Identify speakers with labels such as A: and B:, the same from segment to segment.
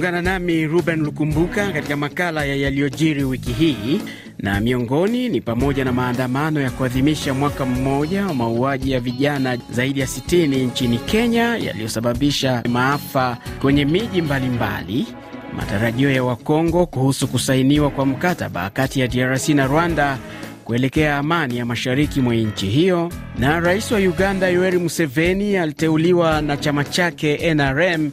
A: Ungana nami Ruben Lukumbuka katika makala ya yaliyojiri wiki hii, na miongoni ni pamoja na maandamano ya kuadhimisha mwaka mmoja wa mauaji ya vijana zaidi ya 60 nchini Kenya yaliyosababisha maafa kwenye miji mbalimbali, matarajio ya Wakongo kuhusu kusainiwa kwa mkataba kati ya DRC na Rwanda kuelekea amani ya mashariki mwa nchi hiyo, na rais wa Uganda Yoweri Museveni aliteuliwa na chama chake NRM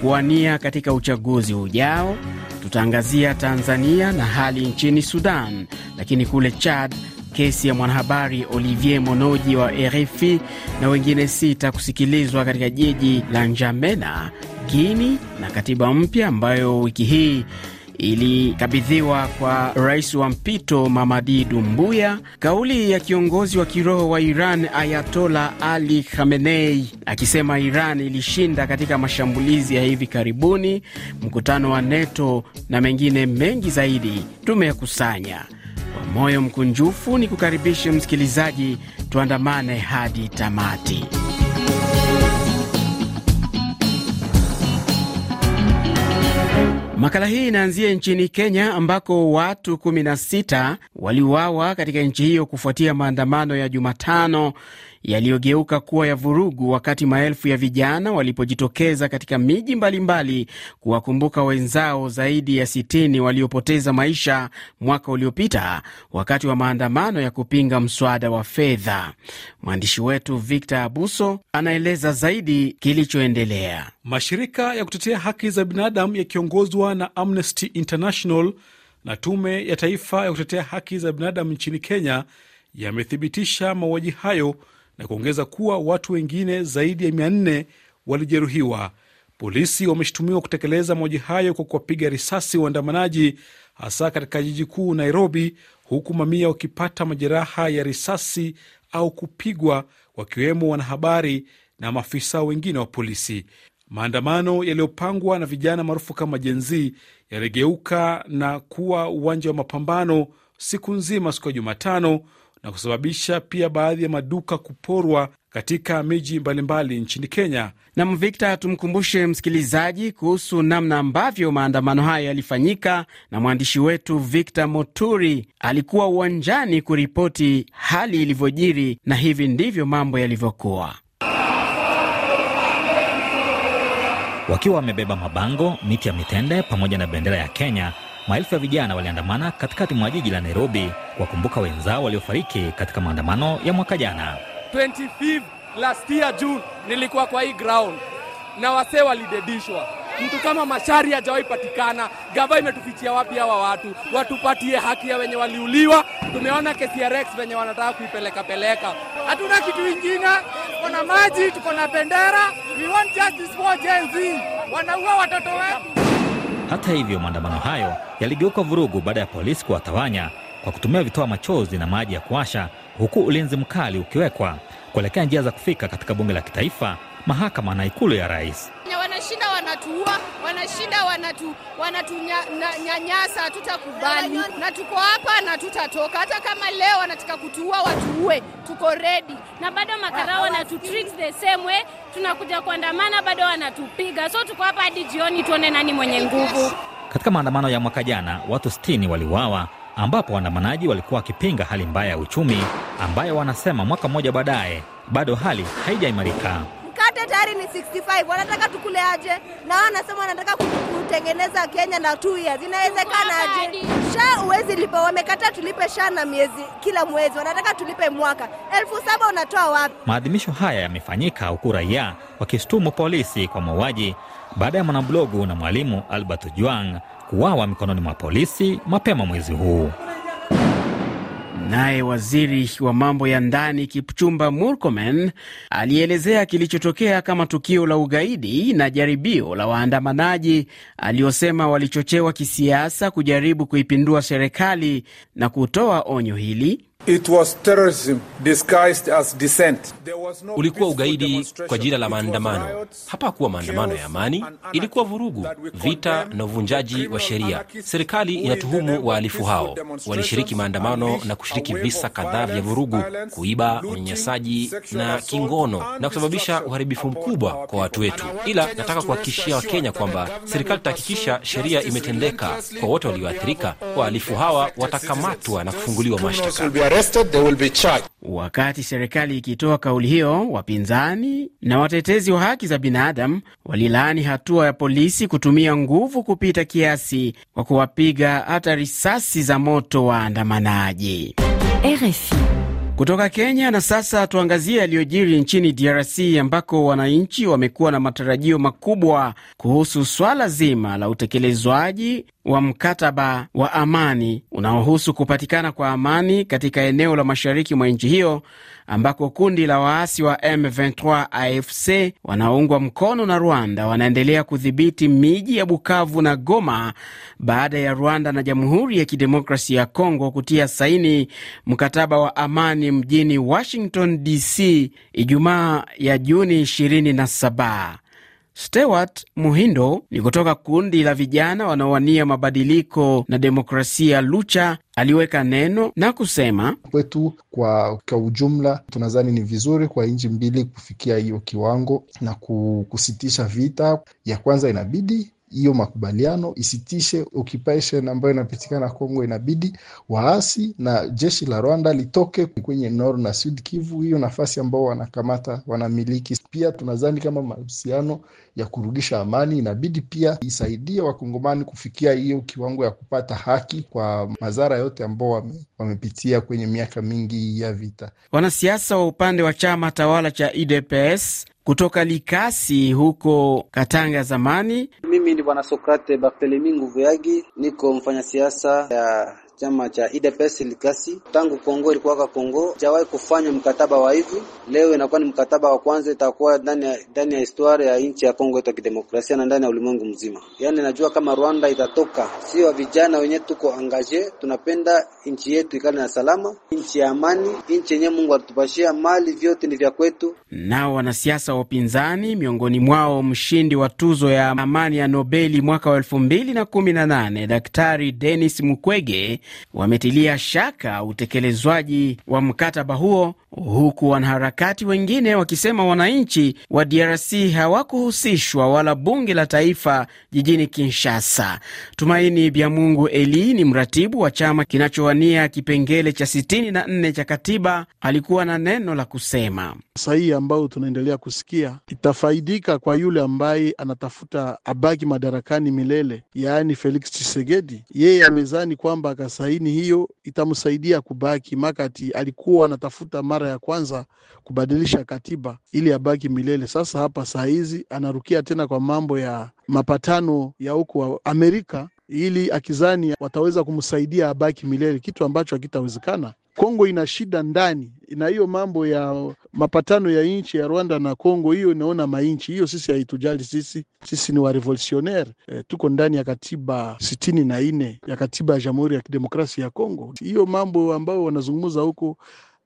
A: kuwania katika uchaguzi ujao. Tutaangazia Tanzania na hali nchini Sudan, lakini kule Chad kesi ya mwanahabari Olivier Monoji wa RFI na wengine sita kusikilizwa katika jiji la Njamena, Guini, na katiba mpya ambayo wiki hii ilikabidhiwa kwa rais wa mpito Mamadi Dumbuya. Kauli ya kiongozi wa kiroho wa Iran Ayatola Ali Khamenei akisema Iran ilishinda katika mashambulizi ya hivi karibuni, mkutano wa NATO na mengine mengi zaidi tumeyakusanya kwa moyo mkunjufu. Ni kukaribishe msikilizaji, tuandamane hadi tamati. Makala hii inaanzia nchini Kenya ambako watu 16 waliuawa katika nchi hiyo kufuatia maandamano ya Jumatano yaliyogeuka kuwa ya vurugu, wakati maelfu ya vijana walipojitokeza katika miji mbalimbali kuwakumbuka wenzao zaidi ya 60 waliopoteza maisha mwaka uliopita wakati wa maandamano ya kupinga mswada wa fedha. Mwandishi wetu Victor Abuso anaeleza zaidi kilichoendelea.
B: Mashirika ya kutetea haki za binadamu yakiongozwa na Amnesty International na Tume ya Taifa ya kutetea haki za binadamu nchini Kenya yamethibitisha mauaji hayo na kuongeza kuwa watu wengine zaidi ya m4 walijeruhiwa. Polisi wameshutumiwa kutekeleza mauaji hayo kwa kuwapiga risasi waandamanaji, hasa katika jiji kuu Nairobi, huku mamia wakipata majeraha ya risasi au kupigwa, wakiwemo wanahabari na maafisa wengine wa polisi. Maandamano yaliyopangwa na vijana maarufu kama Gen Z yaligeuka na kuwa uwanja wa mapambano siku nzima siku ya Jumatano, na kusababisha pia baadhi ya maduka
A: kuporwa katika miji mbalimbali nchini Kenya. Nam Victor, tumkumbushe msikilizaji kuhusu namna ambavyo maandamano hayo yalifanyika, na mwandishi wetu Victor Moturi alikuwa uwanjani kuripoti hali ilivyojiri, na hivi ndivyo
C: mambo yalivyokuwa. Wakiwa wamebeba mabango, miti ya mitende pamoja na bendera ya Kenya Maelfu ya vijana waliandamana katikati mwa jiji la Nairobi kuwakumbuka wenzao waliofariki katika maandamano ya mwaka jana.
D: 25 last year June nilikuwa kwa hii ground na wasee walidedishwa. Mtu kama Mashari hajawahi patikana. Gava imetufichia wapi hawa watu? Watupatie haki ya wenye waliuliwa. Tumeona kesi ya Rex wanataka kuipeleka peleka. Hatuna kitu
C: ingine, tuko na maji, tuko na bendera. We want justice for Gen Z. Wanaua watoto wetu. Hata hivyo, maandamano hayo yaligeuka vurugu baada ya polisi kuwatawanya kwa kutumia vitoa machozi na maji ya kuasha, huku ulinzi mkali ukiwekwa kuelekea njia za kufika katika bunge la kitaifa, mahakama na ikulu ya rais. Wanashinda
A: wanatuua, wanashinda, wanatu wanatunyanyasa, hatutakubali na tuko hapa na tutatoka. Hata kama leo wanataka kutuua, watuue, tuko ready. Na bado makarao ah, ah. wanatutrick the same way, tunakuja kuandamana, bado wanatupiga. So tuko
B: hapa hadi jioni, tuone nani mwenye nguvu.
C: Katika maandamano ya mwaka jana watu 60 waliuawa ambapo waandamanaji walikuwa wakipinga hali mbaya ya uchumi ambayo wanasema mwaka mmoja baadaye bado hali haijaimarika
B: sukari ni 65, wanataka tukule aje? Na wanasema wanataka kutengeneza Kenya na 2 years, inawezekana aje? Sha uwezi lipa, wamekataa tulipe sha na miezi kila mwezi, wanataka tulipe mwaka elfu saba. Unatoa
C: wapi? Maadhimisho haya yamefanyika huku raia wakishtumu polisi kwa mauaji baada ya mwanablogu na mwalimu Albert juang kuwawa mikononi mwa polisi mapema mwezi huu. Naye waziri wa mambo ya ndani Kipchumba
A: Murkomen alielezea kilichotokea kama tukio la ugaidi na jaribio la waandamanaji aliosema walichochewa kisiasa kujaribu kuipindua serikali na kutoa onyo hili It was terrorism disguised as dissent. There was no ulikuwa ugaidi kwa jina la maandamano. Hapakuwa maandamano ya amani,
D: ilikuwa vurugu, vita na uvunjaji wa sheria. Serikali inatuhumu wahalifu hao, walishiriki maandamano na kushiriki visa kadhaa vya vurugu, kuiba, unyanyasaji na kingono na kusababisha uharibifu mkubwa kwa watu wetu. Ila nataka kuhakikishia Wakenya kwamba serikali itahakikisha sheria imetendeka kwa wote walioathirika. Wahalifu hawa
A: watakamatwa na kufunguliwa mashtaka arrested, they will be charged. Wakati serikali ikitoa kauli hiyo, wapinzani na watetezi wa haki za binadamu walilaani hatua ya polisi kutumia nguvu kupita kiasi kwa kuwapiga hata risasi za moto waandamanaji. RFI kutoka Kenya. Na sasa tuangazie yaliyojiri nchini DRC ambako wananchi wamekuwa na matarajio makubwa kuhusu swala zima la utekelezwaji wa mkataba wa amani unaohusu kupatikana kwa amani katika eneo la mashariki mwa nchi hiyo ambako kundi la waasi wa M23 AFC wanaoungwa mkono na Rwanda wanaendelea kudhibiti miji ya Bukavu na Goma baada ya Rwanda na Jamhuri ya kidemokrasi ya Kongo kutia saini mkataba wa amani mjini Washington DC Ijumaa ya Juni 27. Stewart Muhindo ni kutoka kundi la vijana wanaowania mabadiliko na demokrasia Lucha aliweka neno na kusema
D: kwetu kwa, kwa ujumla tunadhani ni vizuri kwa nchi mbili kufikia hiyo kiwango na kusitisha vita. Ya kwanza inabidi hiyo makubaliano isitishe occupation ambayo inapitikana Kongo. Inabidi waasi na jeshi la Rwanda litoke kwenye Nord na Sud Kivu, hiyo nafasi ambao wanakamata wanamiliki. Pia tunadhani kama mahusiano ya kurudisha amani, inabidi pia isaidie wakongomani kufikia hiyo kiwango ya kupata haki kwa madhara yote ambao wame, wamepitia kwenye miaka mingi ya vita.
A: Wanasiasa wa upande wa chama tawala cha UDPS kutoka Likasi huko Katanga zamani.
C: Mimi ni Bwana Sokrate Barthelemi Nguvu Yagi, niko mfanyasiasa ya chama cha UDPS likasi tangu Kongo ilikuwaka Kongo jawahi kufanya mkataba wa hivi, leo inakuwa ni mkataba wa kwanza, itakuwa ndani ya historia ya nchi ya Kongo yetu ya kidemokrasia na ndani ya ulimwengu mzima. Yani najua kama Rwanda itatoka, sio vijana wenyewe tuko angaje, tunapenda nchi yetu ikale na salama, nchi ya amani, nchi yenyewe Mungu alitupashia mali, vyote ni vya kwetu.
A: Nao wanasiasa wa upinzani, miongoni mwao mshindi wa tuzo ya amani ya Nobeli mwaka wa elfu mbili na kumi na nane Daktari Denis Mukwege wametilia shaka utekelezwaji wa mkataba huo huku wanaharakati wengine wakisema wananchi wa DRC hawakuhusishwa wala bunge la taifa jijini Kinshasa. Tumaini Byamungu Eli ni mratibu wa chama kinachowania kipengele cha 64 cha katiba, alikuwa na neno la kusema.
B: Sahihi ambayo tunaendelea kusikia itafaidika kwa yule ambaye anatafuta abaki madarakani milele, yaani Felix Tshisekedi. Yeye amezani kwamba akasaini hiyo itamsaidia kubaki, makati alikuwa anatafuta mara mara ya kwanza kubadilisha katiba ili abaki milele. Sasa hapa saa hizi anarukia tena kwa mambo ya mapatano ya huko Amerika ili akizani wataweza kumsaidia abaki milele, kitu ambacho hakitawezekana. Kongo ina shida ndani, na hiyo mambo ya mapatano ya nchi ya Rwanda na Kongo, hiyo inaona mainchi hiyo, sisi haitujali sisi, sisi ni warevolutionnaire e, eh, tuko ndani ya katiba sitini na nne ya katiba ya Jamhuri ya Kidemokrasia ya Kongo. Hiyo mambo ambayo wanazungumza huko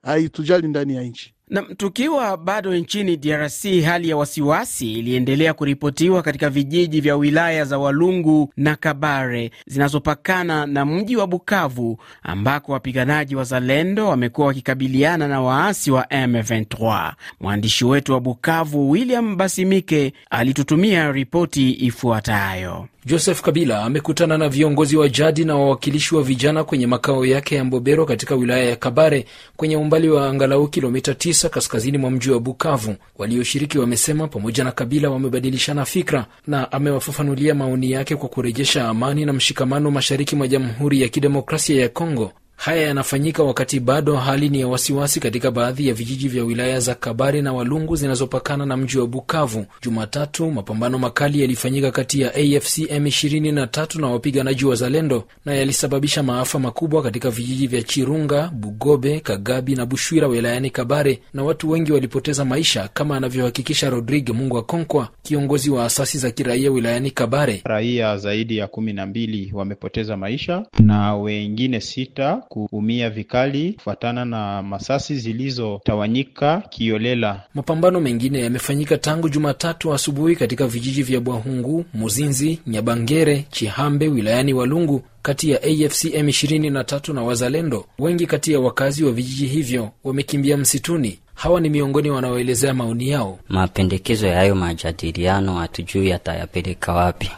B: Aí tu já ndani ya nchi.
A: Na tukiwa bado nchini DRC, hali ya wasiwasi iliendelea kuripotiwa katika vijiji vya wilaya za Walungu na Kabare zinazopakana na mji wa Bukavu, ambako wapiganaji wa zalendo wamekuwa wakikabiliana na waasi wa M23. Mwandishi wetu wa Bukavu William Basimike alitutumia ripoti ifuatayo. Joseph Kabila amekutana na viongozi wa jadi na wawakilishi wa vijana kwenye
D: makao yake ya Mbobero katika wilaya ya Kabare kwenye umbali wa angalau kilomita 9 tisa kaskazini mwa mji wa Bukavu. Walioshiriki wamesema pamoja na Kabila wamebadilishana fikra na amewafafanulia maoni yake kwa kurejesha amani na mshikamano mashariki mwa Jamhuri ya Kidemokrasia ya Kongo. Haya yanafanyika wakati bado hali ni ya wasiwasi katika baadhi ya vijiji vya wilaya za Kabare na Walungu zinazopakana na mji wa Bukavu. Jumatatu, mapambano makali yalifanyika kati ya AFC M23 na wapiganaji wa Zalendo na yalisababisha maafa makubwa katika vijiji vya Chirunga, Bugobe, Kagabi na Bushwira wilayani Kabare, na watu wengi walipoteza maisha, kama anavyohakikisha Rodrigue Mungwa Konkwa, kiongozi wa asasi za kiraia wilayani Kabare. Raia zaidi ya kumi na mbili wamepoteza maisha na wengine sita kuumia vikali kufuatana na masasi zilizotawanyika kiolela. Mapambano mengine yamefanyika tangu Jumatatu asubuhi katika vijiji vya Bwahungu, Muzinzi, Nyabangere, Chihambe wilayani Walungu kati ya AFC M23 na Wazalendo. Wengi kati ya wakazi wa vijiji hivyo wamekimbia msituni. Hawa ni miongoni wanaoelezea maoni yao. Mapendekezo ya hayo majadiliano hatujui yatayapeleka wapi.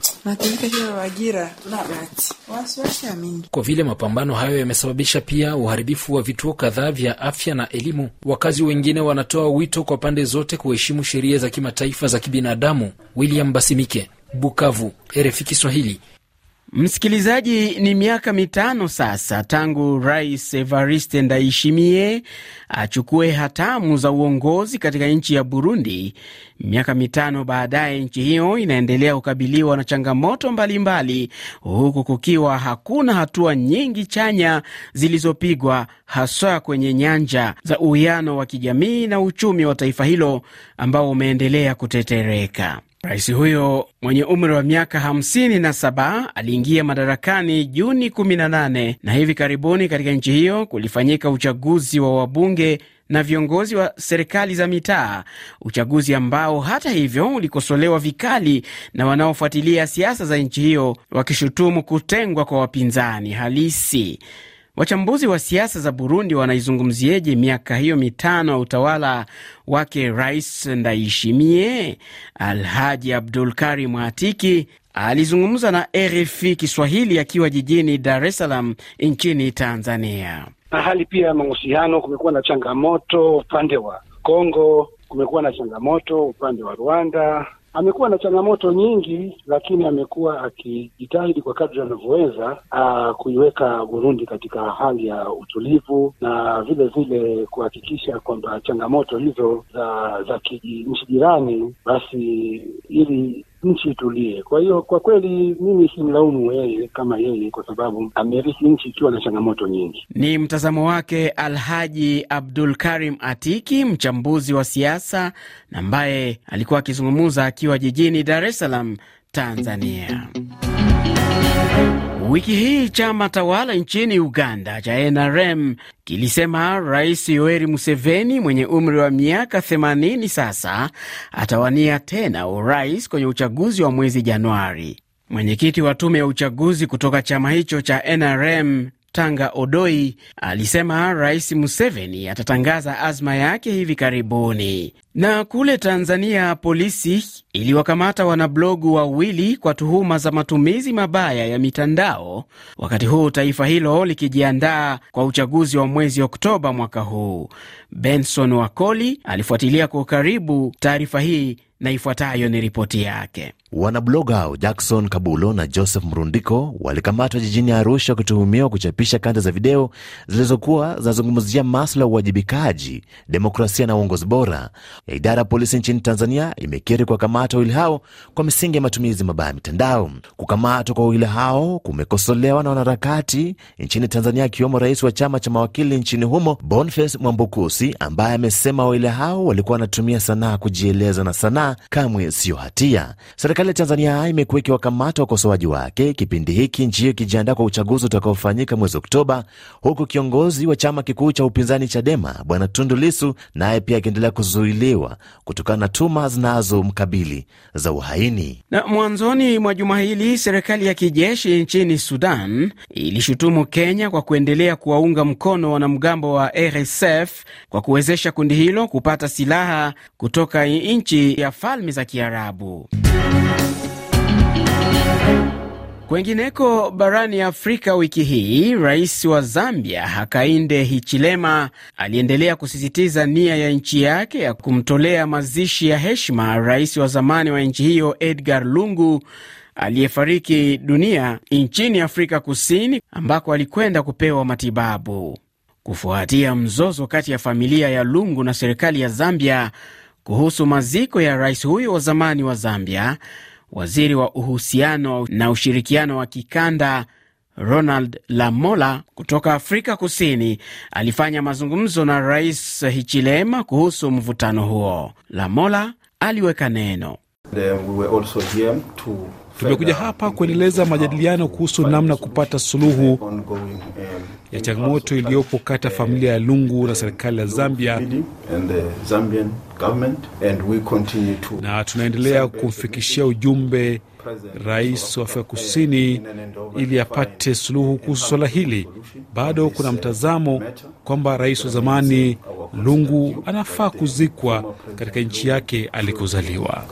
D: Kwa vile mapambano hayo yamesababisha pia uharibifu wa vituo kadhaa vya afya na elimu, wakazi wengine wanatoa wito kwa pande zote kuheshimu sheria za kimataifa za kibinadamu. William Basimike, Bukavu,
A: RFI Kiswahili. Msikilizaji, ni miaka mitano sasa tangu Rais Evariste Ndayishimiye achukue hatamu za uongozi katika nchi ya Burundi. Miaka mitano baadaye, nchi hiyo inaendelea kukabiliwa na changamoto mbalimbali mbali, huku kukiwa hakuna hatua nyingi chanya zilizopigwa haswa kwenye nyanja za uwiano wa kijamii na uchumi wa taifa hilo ambao umeendelea kutetereka. Rais huyo mwenye umri wa miaka 57 aliingia madarakani Juni 18 na hivi karibuni katika nchi hiyo kulifanyika uchaguzi wa wabunge na viongozi wa serikali za mitaa, uchaguzi ambao hata hivyo ulikosolewa vikali na wanaofuatilia siasa za nchi hiyo, wakishutumu kutengwa kwa wapinzani halisi. Wachambuzi wa siasa za Burundi wanaizungumzieje miaka hiyo mitano ya utawala wake Rais Ndayishimiye? Alhaji Abdul Karim mwatiki alizungumza na RFI Kiswahili akiwa jijini Dar es Salaam nchini Tanzania.
D: Na hali pia ya mahusiano, kumekuwa na changamoto upande wa Kongo, kumekuwa na changamoto upande wa Rwanda Amekuwa na changamoto nyingi, lakini amekuwa akijitahidi kwa kadri anavyoweza ah, kuiweka Burundi katika hali ya utulivu na vile vile kuhakikisha kwamba changamoto hizo za za nchi jirani basi ili nchi itulie. Kwa hiyo kwa kweli mimi simlaumu yeye kama yeye, kwa sababu amerithi nchi ikiwa na changamoto
A: nyingi. Ni mtazamo wake Alhaji Abdul Karim Atiki, mchambuzi wa siasa na ambaye alikuwa akizungumza akiwa jijini Dar es Salaam, Tanzania. Wiki hii chama tawala nchini Uganda cha NRM kilisema Rais Yoweri Museveni mwenye umri wa miaka 80 sasa atawania tena urais kwenye uchaguzi wa mwezi Januari. Mwenyekiti wa tume ya uchaguzi kutoka chama hicho cha NRM Tanga Odoi alisema Rais Museveni atatangaza azma yake hivi karibuni. Na kule Tanzania, polisi iliwakamata wanablogu wawili kwa tuhuma za matumizi mabaya ya mitandao, wakati huu taifa hilo likijiandaa kwa uchaguzi wa mwezi Oktoba mwaka huu. Benson Wakoli alifuatilia kwa ukaribu taarifa hii na ifuatayo ni ripoti yake. Wanabloga hao
D: Jackson Kabulo na Joseph Mrundiko walikamatwa jijini Arusha wakituhumiwa kuchapisha kanda za video zilizokuwa zinazungumzia masuala ya uwajibikaji, demokrasia na uongozi bora, ya idara ya polisi nchini Tanzania imekiri kamata wawili hao kwa misingi ya matumizi mabaya ya mitandao. Kukamatwa kwa wawili hao kumekosolewa na wanaharakati nchini Tanzania, akiwemo rais wa chama cha mawakili nchini humo Boniface Mwambukusi, ambaye amesema wawili hao walikuwa wanatumia sanaa kujieleza na sanaa kamwe siyo hatia. Serikali ya Tanzania imekuwa ikiwakamata wakosoaji wake kipindi hiki nchi hiyo ikijiandaa kwa uchaguzi utakaofanyika mwezi Oktoba, huku kiongozi wa chama kikuu cha upinzani Chadema Bwana Tundu Lisu naye pia akiendelea kuzuilia kuachiliwa kutokana na tuma zinazomkabili za uhaini.
A: Na mwanzoni mwa juma hili serikali ya kijeshi nchini Sudan ilishutumu Kenya kwa kuendelea kuwaunga mkono wanamgambo wa RSF kwa kuwezesha kundi hilo kupata silaha kutoka nchi ya Falme za Kiarabu. Kwengineko barani Afrika, wiki hii rais wa Zambia Hakainde Hichilema aliendelea kusisitiza nia ya nchi yake ya kumtolea mazishi ya heshima rais wa zamani wa nchi hiyo Edgar Lungu aliyefariki dunia nchini Afrika Kusini ambako alikwenda kupewa matibabu kufuatia mzozo kati ya familia ya Lungu na serikali ya Zambia kuhusu maziko ya rais huyo wa zamani wa Zambia. Waziri wa uhusiano na ushirikiano wa kikanda Ronald Lamola kutoka Afrika Kusini alifanya mazungumzo na Rais Hichilema kuhusu mvutano huo. Lamola aliweka neno. Tumekuja hapa
B: kuendeleza majadiliano kuhusu namna kupata suluhu ya changamoto iliyopo kati ya familia ya Lungu na serikali ya Zambia, na tunaendelea kumfikishia ujumbe rais wa Afrika Kusini ili apate suluhu kuhusu swala hili. Bado kuna mtazamo kwamba rais wa zamani Lungu anafaa kuzikwa
A: katika nchi yake alikozaliwa.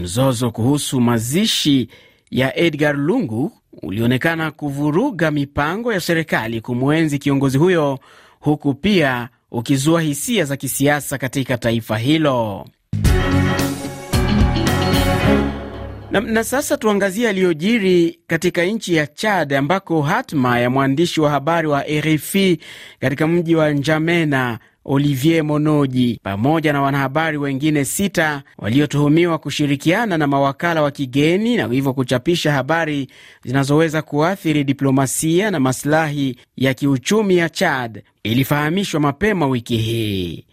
A: Mzozo kuhusu mazishi ya Edgar Lungu ulionekana kuvuruga mipango ya serikali kumwenzi kiongozi huyo, huku pia ukizua hisia za kisiasa katika taifa hilo. Na, na sasa tuangazie aliyojiri katika nchi ya Chad ambako hatma ya mwandishi wa habari wa RFI katika mji wa Njamena Olivier Monoji pamoja na wanahabari wengine sita waliotuhumiwa kushirikiana na mawakala wa kigeni na hivyo kuchapisha habari zinazoweza kuathiri diplomasia na masilahi ya kiuchumi ya Chad ilifahamishwa mapema wiki hii.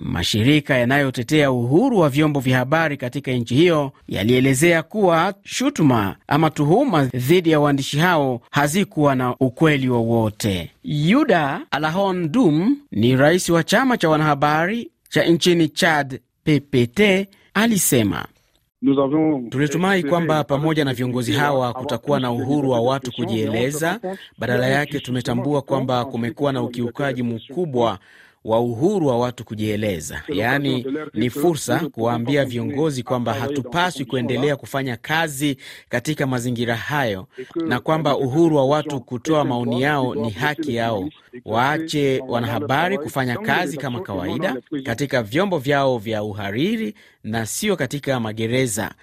A: Mashirika yanayotetea uhuru wa vyombo vya habari katika nchi hiyo yalielezea kuwa shutuma ama tuhuma dhidi ya waandishi hao hazikuwa na ukweli wowote. Yuda Alahon Dum ni rais wa chama cha wanahabari cha nchini Chad, PPT, alisema Tulitumai kwamba pamoja na viongozi hawa kutakuwa na uhuru wa watu kujieleza. Badala yake, tumetambua kwamba kumekuwa na ukiukaji mkubwa wa uhuru wa watu kujieleza, yaani ni fursa kuwaambia viongozi kwamba hatupaswi kuendelea kufanya kazi katika mazingira hayo na kwamba uhuru wa watu kutoa maoni yao ni haki yao. Waache wanahabari kufanya kazi kama kawaida katika vyombo vyao vya uhariri na sio katika magereza.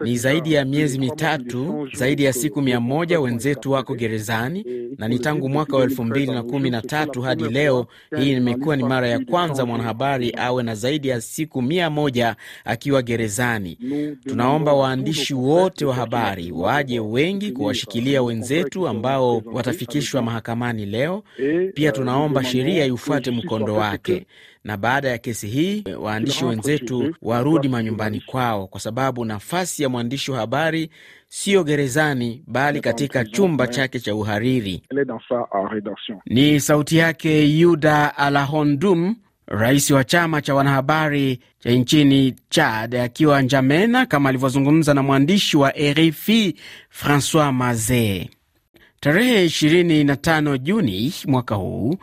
A: Ni zaidi ya miezi mitatu, zaidi ya siku mia moja wenzetu wako gerezani, na ni tangu mwaka wa elfu mbili na kumi na tatu hadi leo hii imekuwa ni mara ya kwanza mwanahabari awe na zaidi ya siku mia moja akiwa gerezani. Tunaomba waandishi wote wa habari waje wengi kuwashikilia wenzetu ambao watafikishwa mahakamani leo. Pia euh, tunaomba sheria ifuate mkondo wake na baada ya kesi hii waandishi wenzetu warudi manyumbani kwao, kwa sababu nafasi ya mwandishi wa habari siyo gerezani, bali katika chumba chake cha uhariri. Ni sauti yake Yuda Alahondum, rais wa chama cha wanahabari cha nchini Chad, akiwa Njamena, kama alivyozungumza na mwandishi wa RFI Francois Maze. Tarehe 25 Juni mwaka huu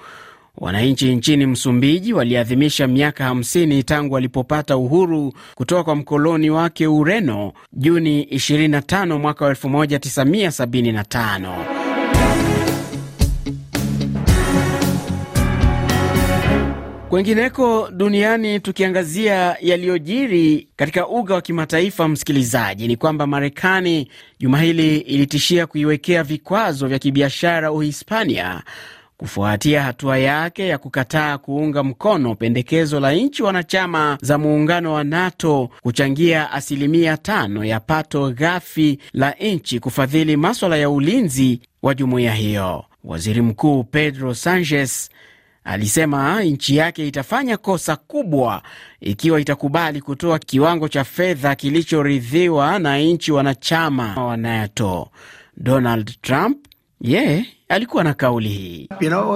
A: Wananchi nchini Msumbiji waliadhimisha miaka 50 tangu walipopata uhuru kutoka kwa mkoloni wake Ureno Juni 25 mwaka 1975. Kwengineko duniani tukiangazia yaliyojiri katika uga wa kimataifa, msikilizaji, ni kwamba Marekani juma hili ilitishia kuiwekea vikwazo vya kibiashara Uhispania kufuatia hatua yake ya kukataa kuunga mkono pendekezo la nchi wanachama za muungano wa NATO kuchangia asilimia tano ya pato ghafi la nchi kufadhili maswala ya ulinzi wa jumuiya hiyo. Waziri Mkuu Pedro Sanchez alisema nchi yake itafanya kosa kubwa ikiwa itakubali kutoa kiwango cha fedha kilichoridhiwa na nchi wanachama wa NATO. Donald Trump yeye yeah alikuwa na kauli hii you know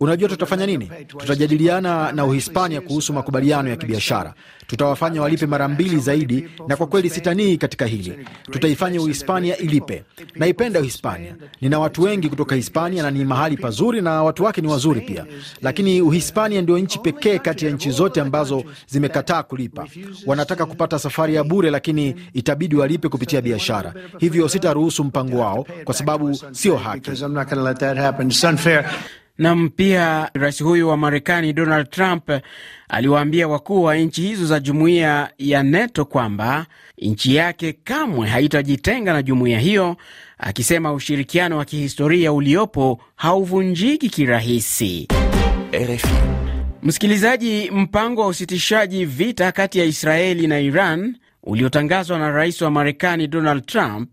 D: unajua, tutafanya nini? Tutajadiliana na Uhispania kuhusu makubaliano ya kibiashara, tutawafanya walipe mara mbili zaidi, na kwa kweli sitanii katika hili. Tutaifanya Uhispania ilipe. Naipenda Uhispania, nina watu wengi kutoka Hispania na ni mahali pazuri na watu wake ni wazuri pia, lakini Uhispania ndio nchi pekee kati ya nchi zote ambazo zimekataa kulipa. Wanataka kupata safari ya bure, lakini itabidi walipe kupitia biashara, hivyo
A: sitaruhusu mpango mchango wao kwa sababu sio haki. Nam, pia rais huyu wa Marekani Donald Trump aliwaambia wakuu wa nchi hizo za jumuiya ya NATO kwamba nchi yake kamwe haitajitenga na jumuiya hiyo, akisema ushirikiano wa kihistoria uliopo hauvunjiki kirahisi. RFI. Msikilizaji, mpango wa usitishaji vita kati ya Israeli na Iran uliotangazwa na rais wa Marekani Donald Trump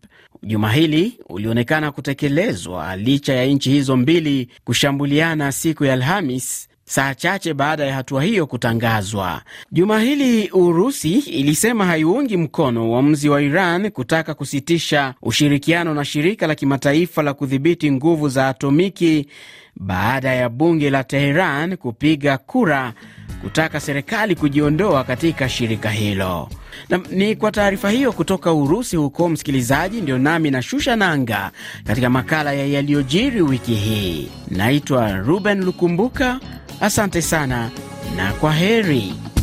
A: Juma hili ulionekana kutekelezwa licha ya nchi hizo mbili kushambuliana siku ya Alhamis saa chache baada ya hatua hiyo kutangazwa. Juma hili Urusi ilisema haiungi mkono uamuzi wa Iran kutaka kusitisha ushirikiano na shirika la kimataifa la kudhibiti nguvu za atomiki baada ya bunge la Teheran kupiga kura kutaka serikali kujiondoa katika shirika hilo. Na, ni kwa taarifa hiyo kutoka Urusi huko, msikilizaji, ndio nami na shusha nanga katika makala ya yaliyojiri wiki hii. Naitwa Ruben Lukumbuka, asante sana na kwa heri.